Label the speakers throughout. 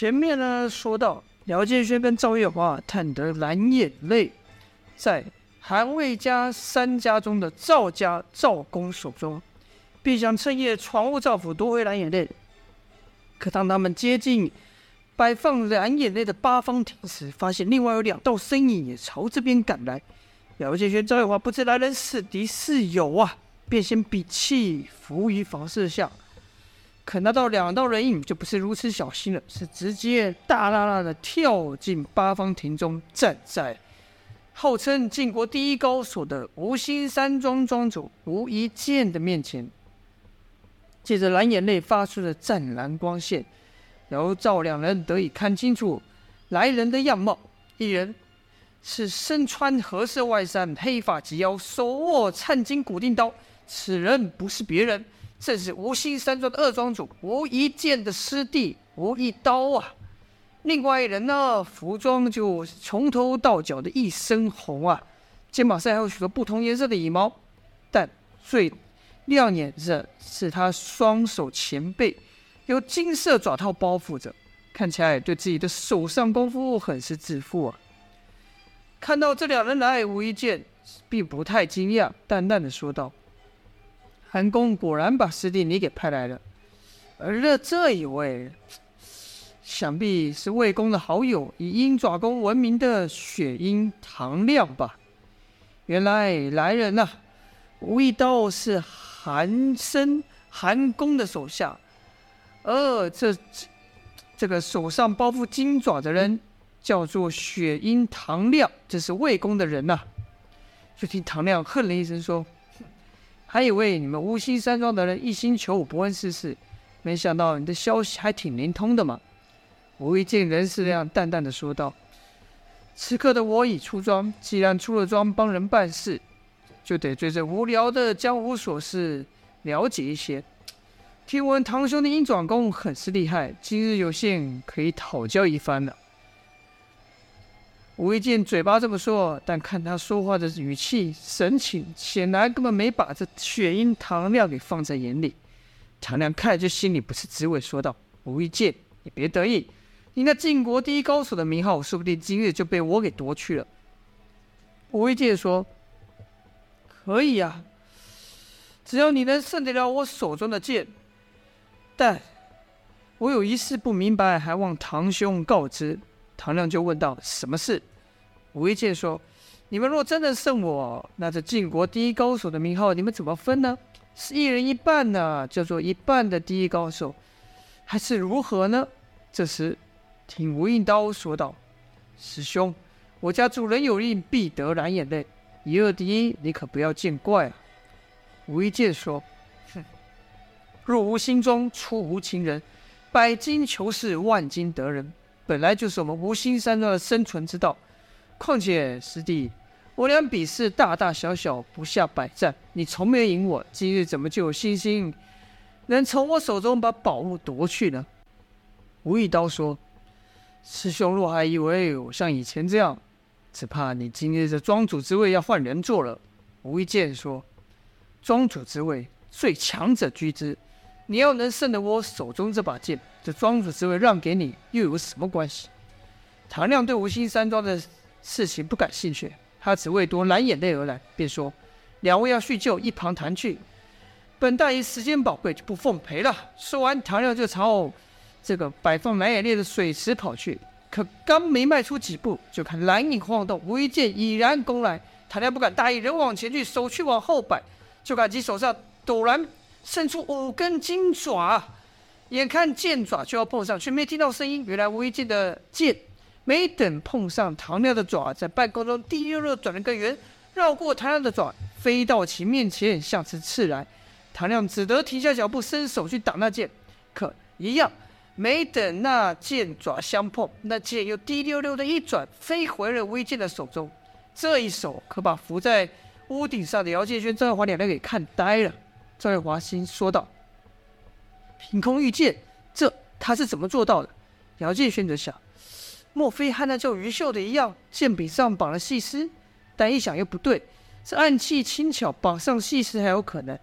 Speaker 1: 前面呢，說到廖建軒跟趙月華探得藍眼淚，在韓魏家三家中的趙家趙公手中，便想趁夜闖入趙府奪回藍眼淚。可當他們接近擺放藍眼淚的八方亭時，發現另外有兩道身影也朝這邊趕來。廖建軒、趙月華不知來人是敵是友啊，便先屏氣伏於房舍下。可那到兩道人影，就不是如此小心了，是直接大剌剌的跳進八方亭中，站在號稱晉國第一高手的無心山莊莊主無一劍的面前。借着藍眼淚發出的湛藍光線，然後照兩人得以看清楚來人的樣貌。一人是身穿褐色外衫，黑髮及腰、手握燦金古錠刀，此人不是別人，正是無心山莊的二莊主無一劍的師弟無一刀啊。另外一人呢，服裝就從頭到腳的一身紅啊，肩膀上還有許多不同顏色的羽毛，但最亮眼的是他雙手前背由金色爪套包覆着，看起來對自己的手上功夫很是自負啊。看到這兩人來，無一劍並不太驚訝，淡淡的說道。韓公果然把師弟你給派來了，而這這一位，想必是魏公的好友，以鷹爪功聞名的血鷹唐亮吧？原來來人吶、啊，無一刀是韓森韓公的手下。呃，這這，這個手上包覆金爪的人叫做血鷹唐亮，這是魏公的人吶、啊。就聽唐亮哼了一聲說。還以為你們無心山莊的人一心求我不問世事，沒想到你的消息還挺靈通的嘛！無一劍仍是那樣淡淡的說道、嗯。此刻的我已出莊，既然出了莊幫人辦事，就得對這無聊的江湖瑣事了解一些。聽聞唐兄的鷹爪功很是厲害，今日有幸可以討教一番了。無一劍嘴巴這麼說，但看他說話的語氣、神情，顯然根本沒把這血鷹唐亮給放在眼裡。唐亮看着心裡不是滋味，說道：“無一劍，你別得意，你那晉國第一高手的名號，說不定今日就被我給奪去了。”無一劍說：“可以啊，只要你能勝得了我手中的劍。但，我有一事不明白，還望唐兄告知。”唐亮就問道：“什麼事？”吳一劍說：“你們若真的勝我，那這晉國第一高手的名號，你們怎麼分呢？是一人一半呢、啊，叫做一半的第一高手，還是如何呢？”這時，聽吳應刀說道：“師兄，我家主人有令，必得藍眼淚，以二敵一，你可不要見怪啊。”吳一劍說：“哼，入無心中，出無情人，百金求是，萬金得人。”本來就是我們無心山莊的生存之道。況且師弟，我倆比試大大小小不下百戰，你從沒贏我，今日怎麼就有信心能從我手中把寶物奪去呢？無一刀說：“師兄若還以為我像以前這樣，只怕你今日這莊主之位要換人做了。”無一劍說：“莊主之位，最強者居之。你要能勝得我手中這把劍。”這莊主之位讓給你又有什麼關係？唐亮對無心山莊的事情不感興趣，他只為奪藍眼淚而來，便說：“兩位要敘舊，一旁談去。本大爺時間寶貴，就不奉陪了。”說完，唐亮就朝這個擺放藍眼淚的水池跑去。可剛沒邁出幾步，就看藍影晃動，無一劍已然攻來。唐亮不敢大意，人往前去，手去往後擺，就看其手上陡然伸出五根金爪。眼看劍爪就要碰上，卻沒聽到聲音。原來無一劍的劍，沒等碰上唐亮的爪，在半空中滴溜溜轉了個圓，繞過唐亮的爪，飛到其面前，向其刺來。唐亮只得停下腳步，伸手去擋那劍，可一樣，沒等那劍爪相碰，那劍又滴溜溜的一轉，飛回了無一劍的手中。這一手可把伏在屋頂上的姚建軒、趙月華兩人給看呆了。趙月華心說道。憑空遇劍，這他是怎麼做到的？姚建軒則想，莫非和那叫於秀的一樣，劍柄上綁了細絲？但一想又不對，是暗器輕巧，綁上細絲還有可能，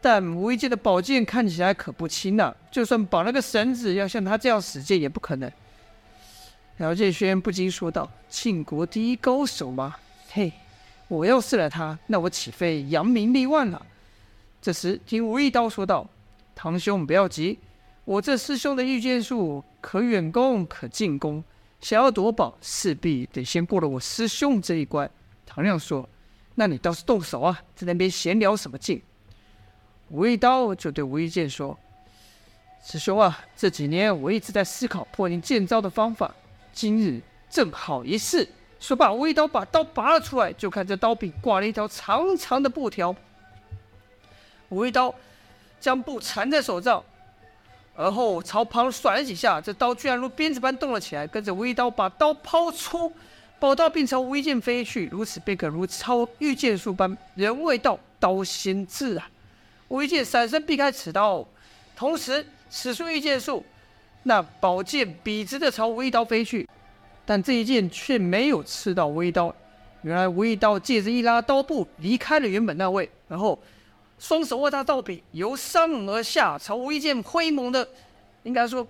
Speaker 1: 但無一劍的寶劍看起來可不輕吶、啊，就算綁了個繩子，要像他這樣使劍也不可能。姚建軒不禁說道：“慶國第一高手嗎？嘿，我要是了他，那我豈非揚名立萬了、啊？”這時，聽無一刀說道。唐兄，不要急，我這師兄的御劍術可遠攻可近攻，想要奪寶，勢必得先過了我師兄這一關。唐亮說：“那你倒是動手啊，在那邊閒聊什麼勁？”無一刀就對無一劍說：“師兄啊，這幾年我一直在思考破您劍招的方法，今日正好一試。說吧”說罷，無一刀把刀拔了出來，就看這刀柄掛了一條長長的布條。無一刀。將布纏在手上，而後朝旁甩了幾下，這刀居然如鞭子般動了起來。跟着無一刀把刀拋出，寶刀並朝無一劍飛去，如此便可如超御劍術般，人未到，刀先至啊！無一劍閃身避開此刀，同時使出御劍術，那寶劍筆直地朝無一刀飛去，但這一劍卻沒有刺到無一刀。原來無一刀借着一拉刀布離開了原本那位，然後，雙手握着刀柄，由上而下朝無一劍揮猛的，應該說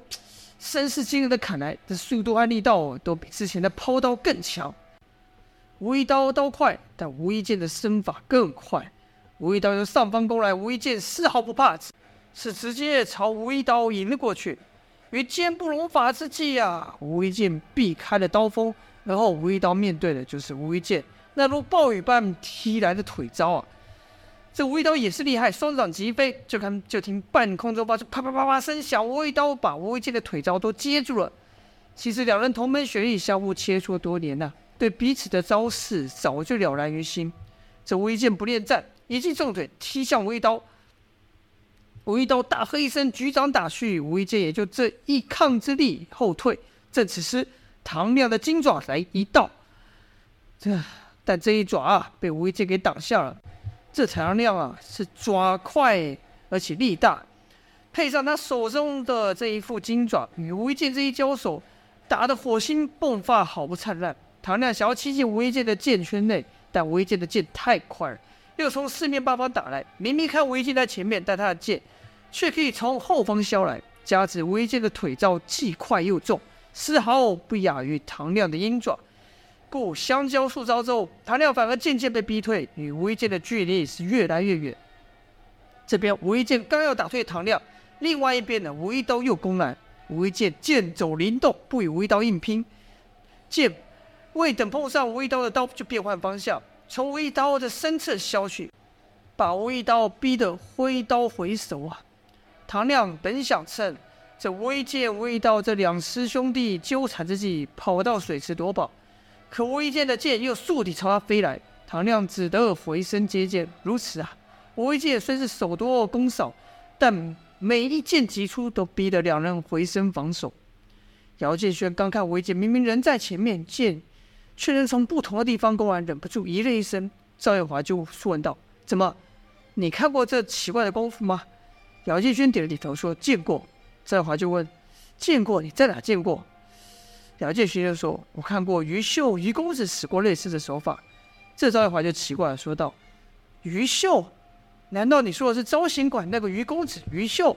Speaker 1: 聲勢驚人的砍來。這速度和力道都比之前的剖刀更強。無一刀刀快，但無一劍的身法更快。無一刀由上方攻來，無一劍絲毫不怕，是直接朝無一刀迎了過去。於間不容髮之際啊，無一劍避開了刀鋒，然後無一刀面對的就是無一劍那如暴雨般踢來的腿招啊。這無一刀也是厲害，雙掌齊飛，就看就聽半空中發出啪啪啪啪聲響，無一刀把無一劍的腿招都接住了。其實兩人同門學藝，相互切磋多年了，啊，對彼此的招式早就了然於心。這無一劍不戀戰，一記重腿踢向無一刀。無一刀大喝一聲，舉掌打去，無一劍也就這一抗之力後退。這此時唐亮的金爪來一道，這但這一爪啊，被無一劍給擋下了。這唐亮啊，是爪快而且力大，配上他手中的這一副金爪，與無一劍這一交手，打得火星迸發，好不燦爛。唐亮想要侵進無一劍的劍圈內，但無一劍的劍太快了，又從四面八方打來。明明看無一劍在前面，但他的劍卻可以從後方削來。加之無一劍的腿招既快又重，絲毫不亞於唐亮的鷹爪。故相交數招之後，唐亮反而漸漸被逼退，與無一劍的距離是越來越遠。這邊無一劍剛要打退唐亮，另外一邊呢，無一刀又攻來。無一劍劍走靈動，不與無一刀硬拼，劍未等碰上無一刀的刀，就變換方向，從無一刀的身側削去，把無一刀逼得揮刀回手啊。唐亮本想趁這無一劍、無一刀這兩師兄弟糾纏之際，跑到水池奪寶。可無一劍的劍又數底朝他飛來，唐亮只得回身接劍，如此啊，無一劍雖是守多攻少，但每一劍擊出，都逼得兩人回身防守。姚建軒剛看無一劍，明明人在前面，劍卻能從不同的地方攻來，忍不住一愣一聲。趙月華就問道：“怎麼，你看過這奇怪的功夫嗎？”姚建軒點了點頭說：“見過。”趙月華就問：“見過，你在哪見過？”姚建勳就說：“我看過於秀於公子使過類似的手法。”這趙耀華就奇怪了，說道：“於秀？難道你說的是招賢館那個於公子於秀？”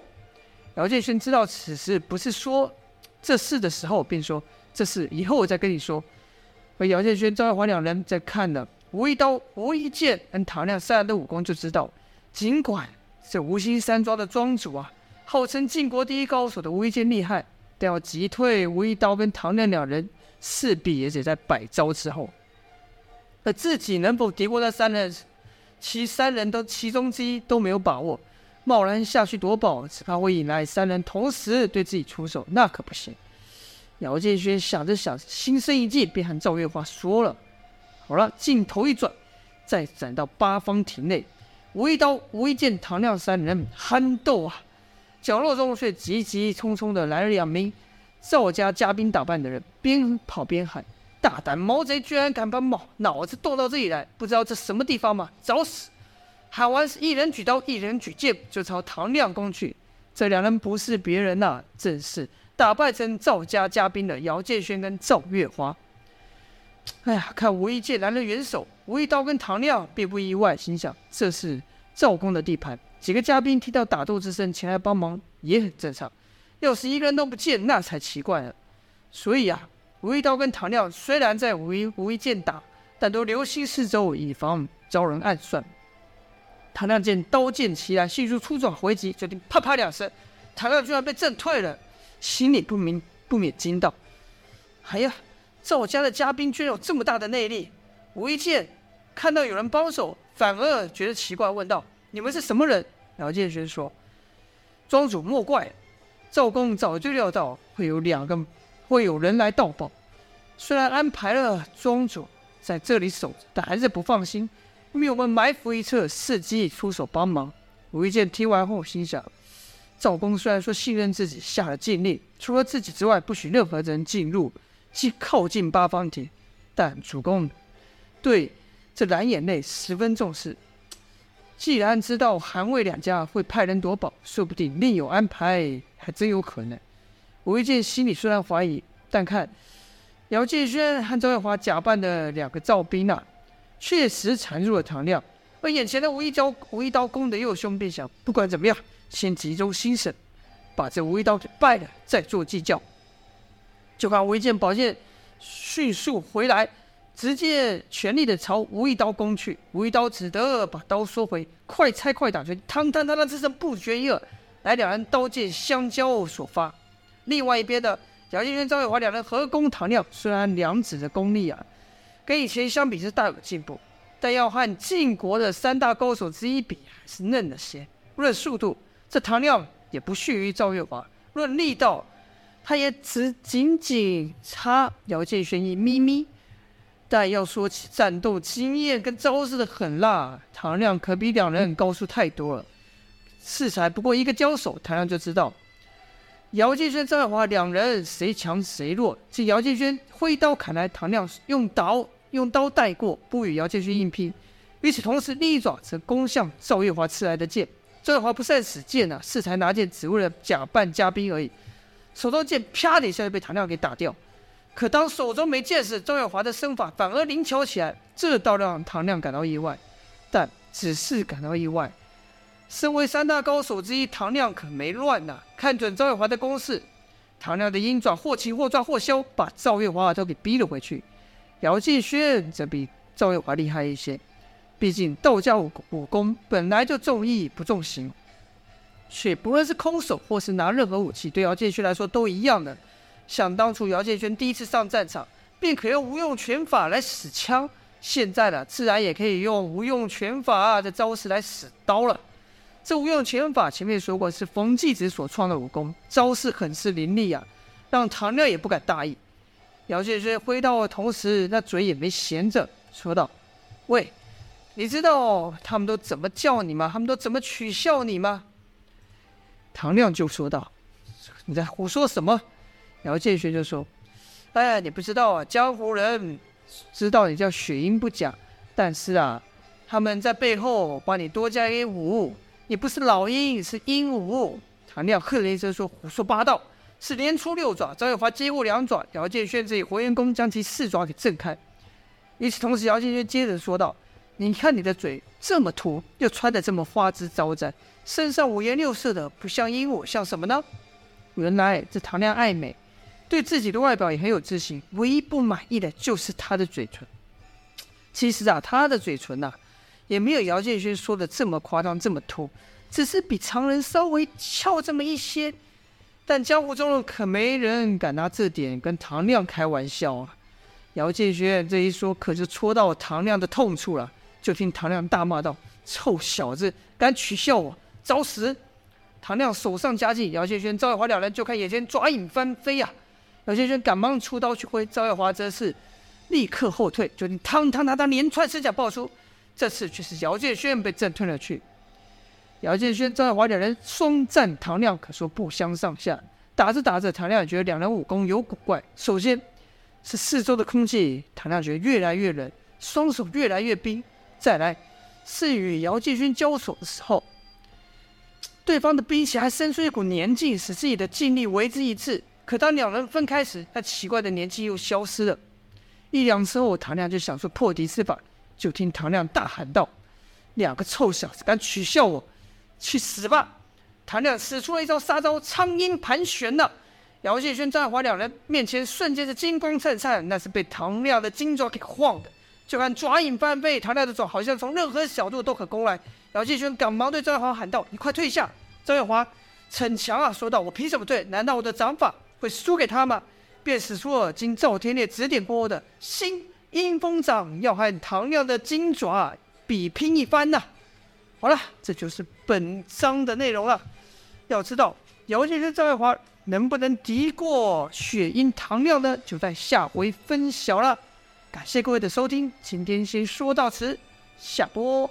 Speaker 1: 姚建勳知道此事，不是說這事的時候，便說：“這事以後我再跟你說。”而姚建勳、趙耀華兩人在看了無一刀、無一劍跟唐亮三人的武功，就知道，儘管是無心山莊的莊主啊，號稱晉國第一高手的無一劍厲害。但要擊退，無一刀跟唐亮兩人勢必也得在百招之後。而自己能否敵過那三人，其三人都其中之一都沒有把握。貿然下去奪寶，只怕會引來三人同時對自己出手，那可不行。姚建勳想着想，心生一計，便和趙月華說了。好了，鏡頭一轉，再轉到八方亭內，無一刀、無一劍、唐亮三人酣鬥啊！角落中卻急急匆匆的來了兩名趙家家兵打扮的人，邊跑邊喊：“大膽毛賊，居然敢把毛腦子剁到這裡來！不知道這什麼地方嗎？找死！”喊完，一人舉刀，一人舉劍，就朝唐亮攻去。這兩人不是別人吶、啊，正是打扮成趙家家兵的姚建軒跟趙月華。哎呀，看無一劍來了援手，無一刀跟唐亮並不意外，心想這是。趙公的地盤，幾個嘉賓聽到打鬥之聲前來幫忙也很正常。要是一個人都不見，那才奇怪了。所以啊，無一刀跟唐亮雖然在無一、無一劍打，但都留心四周，以防遭人暗算。唐亮見刀劍齊來，迅速出爪回擊，決定啪啪兩聲，唐亮居然被震退了，心裡不明，不免驚道，哎呀，趙家的嘉賓居然有這麼大的內力，無一劍看到有人幫手。反而覺得奇怪，問道：“你們是什麼人？”苗建勳說：“莊主莫怪，趙公早就料到會有兩個會有人來盜寶，雖然安排了莊主在這裡守，但還是不放心，命我們埋伏一側，伺機出手幫忙。”無一劍聽完後心想：“趙公雖然說信任自己，下了禁令，除了自己之外不許任何人進入，即靠近八方亭，但主公對。”這藍眼淚十分重視。既然知道韓魏兩家會派人奪寶，說不定另有安排，還真有可能。無一劍心裡雖然懷疑，但看姚建軒和周耀華假扮的兩個趙兵啊，確實纏住了唐亮。而眼前的無一刀，無一刀攻的又兇，便想不管怎麼樣，先集中心神，把這無一刀給敗了，再做計較。就看無一劍寶劍迅速回來。直接全力的朝吳一刀攻去，吳一刀只得把刀收回，快拆快打就湯，湯湯湯湯，之聲不絕於耳。來，兩人刀劍相交所發。另外一邊的姚建軒、趙月華兩人合攻唐亮，雖然兩子的功力啊，跟以前相比是大有進步，但要和晉國的三大高手之一比，還是嫩了些。論速度，這唐亮也不遜於趙月華；論力道，他也只僅僅差姚建軒一咪咪。但要說起戰鬥經驗跟招式的狠辣，唐亮可比兩人高出太多了。適、嗯、才不過一個交手，唐亮就知道姚建軒、趙月華兩人誰強誰弱。見姚建軒揮刀砍來，唐亮用刀用刀，用刀帶過，不與姚建軒硬拼。與此同時，另一爪則攻向趙月華刺來的劍。趙月華不善使劍啊，適才拿劍只為了假扮嘉賓而已，手中劍啪的一下就被唐亮給打掉。可當手中沒劍時，趙月華的身法反而靈巧起來，這倒讓唐亮感到意外。但只是感到意外。身為三大高手之一，唐亮可沒亂吶、啊。看準趙月華的攻勢，唐亮的鷹爪或擒或抓或削，把趙月華都給逼了回去。姚建勳則比趙月華厲害一些，畢竟道家武功本來就重意不重形，所以不論是空手或是拿任何武器，對姚建勳來說都一樣的。想當初，姚建勳第一次上戰場，便可用無用拳法來使槍；現在了、啊，自然也可以用無用拳法、啊、的招式來使刀了。這無用拳法前面說過，是馮繼子所創的武功，招式很是凌厲啊，讓唐亮也不敢大意。姚建勳揮刀的同時，那嘴也沒閒着，說道：“喂，你知道他們都怎麼叫你嗎？他們都怎麼取笑你嗎？”唐亮就說道：“你在胡說什麼？”姚建軒就說：“哎你不知道啊，江湖人知道你叫血鷹不假，但是啊，他們在背後幫你多加一五,五，你不是老鷹是鸚鵡。”唐亮喝了一聲說：“胡說八道，是連出六爪，張有發接過兩爪。”姚建軒則以火焰功將其四爪給震開。與此同時，姚建軒接着說道：“你看你的嘴這麼凸，又穿的這麼花枝招展，身上五顏六色的，不像鸚鵡，像什麼呢？原來這唐亮愛美。”對自己的外表也很有自信，唯一不滿意的就是他的嘴唇。其實啊，他的嘴唇吶、啊，也沒有姚建勳說的這麼誇張這麼凸，只是比常人稍微翹這麼一些。但江湖中可沒人敢拿這點跟唐亮開玩笑啊。姚建勳這一說，可就戳到唐亮的痛處了。就聽唐亮大罵道：“臭小子，敢取笑我，找死！”唐亮手上加勁，姚建勳、趙玉華兩人就看眼前爪影翻飛啊。姚建軒趕忙出刀去揮，趙耀華則是立刻後退。就聽當當當當連串聲響爆出，這次卻是姚建軒被震退了去。姚建軒，趙耀華兩人雙戰唐亮，可說不相上下。打着打着，唐亮也覺得兩人武功有古怪。首先是四周的空氣，唐亮覺得越來越冷，雙手越來越冰。再來是與姚建軒交手的時候，對方的兵器還伸出一股黏勁，使自己的勁力為之一滯。可當兩人分開時，那奇怪的年紀又消失了。一兩次後，唐亮就想出破敵之法，就聽唐亮大喊道：“兩個臭小子敢取笑我，去死吧！”唐亮使出了一招殺招——蒼鷹盤旋了。姚建軒、張耀華兩人面前瞬間是金光燦燦，那是被唐亮的金爪給晃的。就看爪影翻飛，唐亮的爪好像從任何角度都可攻來。姚建軒趕忙對張耀華喊道：“你快退下！”張耀華，逞強啊，說道：“我憑什麼退？難道我的掌法？”會輸給他嗎？便使出了經趙天烈指點過的新陰風掌，要和唐亮的金爪比拼一番呢、啊。好了，這就是本章的內容了。要知道，姚先生趙愛華能不能敵過血鷹唐亮呢？就在下回分曉了。感謝各位的收聽，今天先說到此，下播。